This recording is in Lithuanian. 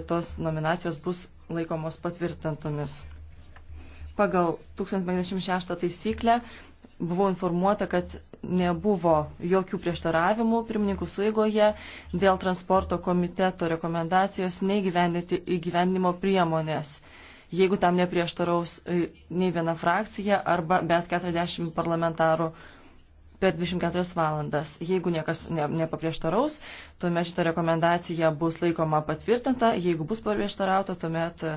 tos nominacijos bus laikomos patvirtintomis. Pagal 1056 taisyklę buvau informuota, kad nebuvo jokių prieštaravimų pirmininkų suigoje dėl transporto komiteto rekomendacijos neįgyvendinimo priemonės, jeigu tam neprieštaraus e, nei viena frakcija arba bent 40 parlamentarų per 24 valandas. Jeigu niekas ne, nepaprieštaraus, tuomet šita rekomendacija bus laikoma patvirtinta, jeigu bus paprieštarauta, tuomet